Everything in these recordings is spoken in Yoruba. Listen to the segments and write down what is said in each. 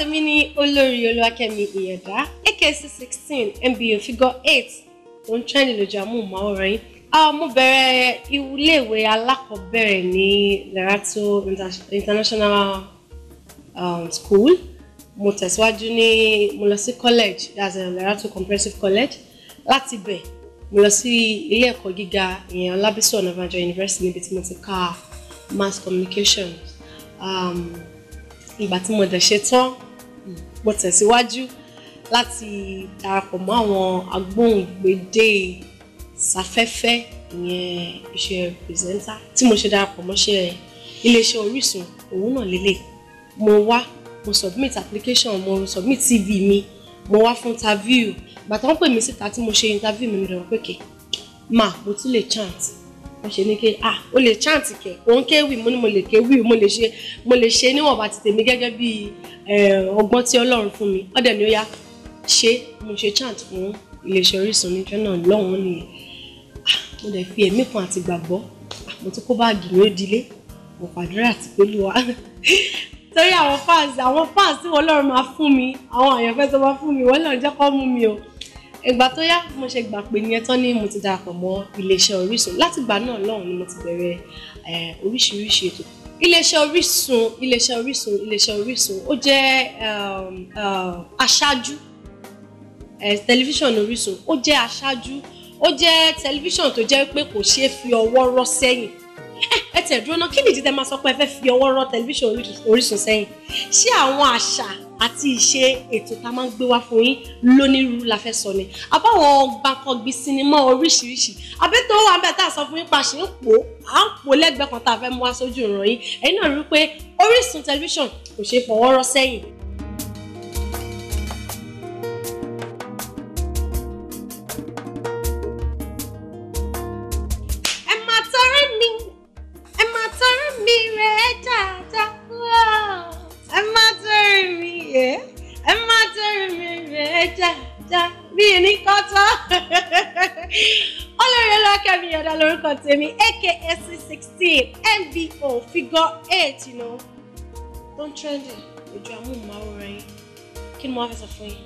tèmi ni olórí olúwakẹ́mi ìyẹ̀dá akc sixteen mba figure eight tó ń trend lójú amóhùnmáwòrán yín mo bẹ̀rẹ̀ iléèwé alákọ̀ọ́bẹ̀rẹ̀ ní Lerato International um, School mo tẹ̀síwájú ní mo lọ sí college that's um, Lerato Comprehensive College láti be mo lọ sí ilé ẹ̀kọ́ gíga ìyẹn Ọlábísí Ọ̀nàbànjọ University níbi tí mo ti kà mass communications um, ìgbà tí mo dẹ̀ ṣe tán mo tẹ̀síwájú láti darapọ̀ mọ́ àwọn agbóhùngbèdè sáfẹ́fẹ́ ìyẹn iṣẹ́ pìrìsẹ́ńtà tí mo ṣe darapọ̀ mọ́ṣẹ́ iléeṣẹ́ Orísun òun náà lélẹ̀ mo wá mo submit application mo submit CV mi mo wá fún interview gbàtà wọ́n pè mí síta tí mo ṣe interview mi mo dẹ̀ wọ́n pé kè má mo tún lè chance wọ́n ṣe ní kí ah o lè chant kẹ̀ òun kéwì mo ní mo lè kéwì mo lè ṣe mo lè ṣe níwọ̀nba ti tèmi gẹ́gẹ́ bí eh, ọgbọ́n tí ọlọ́run fún mi ọ̀dẹ̀ ni ó yá ṣe mo ṣe chant fún iléeṣẹ́ Orísun níjọ́ náà lọ́hùn-ún nìyẹn ah, mo dẹ̀ fi ẹ̀mí kan àti gbàgbọ́ ah, mo tún kó báàgì ní òdìlé mo pàdúrà ti pé lùwà torí àwọn fans àwọn fans tí wọ́n lọ́run máa fún mi àwọn àyànfẹ́ tó máa fún mi wọ́n lọ́run jẹ́ kó mú mi o ìgbà tó yá mo ṣe gbà pé ní ẹtọ́ ni mo ti darapọ̀ mọ́ iléeṣẹ́ Orísun látìgbà náà lọ́hùn ni mo ti bẹ̀rẹ̀ oríṣiríṣi ètò iléeṣẹ́ Orísun iléeṣẹ́ Orísun iléeṣẹ́ Orísun ó jẹ́ aṣáájú tẹlifíṣàn Orísun ó jẹ́ aṣáájú ó jẹ́ tẹlifíṣàn tó jẹ́ pé kò ṣeé fi ọwọ́ rọ́ sẹ́yìn Eh, ẹ tẹ̀ dúró náà kí nìdí tẹ máa sọ pé ẹ fẹ́ fi ọwọ́ rọ tẹlifíṣàn Orísun sẹ́yìn ṣé àwọn àṣà àti ìṣe ètò tá a máa ń gbé wá fún yín lónírúurú la fẹ́ sọ ni àbáwọn gbàkọ̀gbì sinimá oríṣiríṣi àbẹ́tò wà bẹ́ẹ̀ tá a sọ fún yín pàṣẹ ń pò á ń pò lẹ́gbẹ̀ẹ́ kan tá a fẹ́ mú wá sójú ìran yín ẹ̀yin náà rí i pé Orísun tẹlifíṣàn kò ṣeé fọwọ́ sẹ́yìn ẹja já bí ní kọ́tọ́ Olórewájú mi Ìyàndá lórúkọ tèmi aka Aks 16 mbo figure eight you know tó ń trẹ́ndì ojú amóhùnmáwòrán yín kí ni mo fẹ́ sọ fún yín.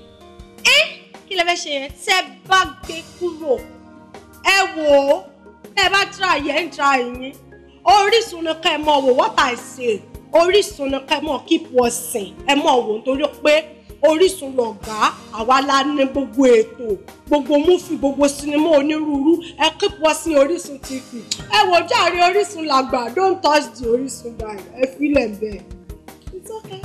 ẹ kí lẹ fẹ́ ṣe yẹn tẹ́ bá gbé kúrò ẹ wò ó tẹ́ bá tra yẹn ń tra yín Orísun ni what I say Orísun ni ká ẹ mọ̀ keep wọ́n sìn ẹ mọ̀ wò nítorí pé orísun lọ̀gá àwa la ní gbogbo ètò gbogbo múfì gbogbo sinimá onírúurú ẹ kíkọ́ sí orísun tv ẹ wò járe orísun làgbà don't touch the orísun guy ẹ fi bẹ́ẹ̀. it's okay.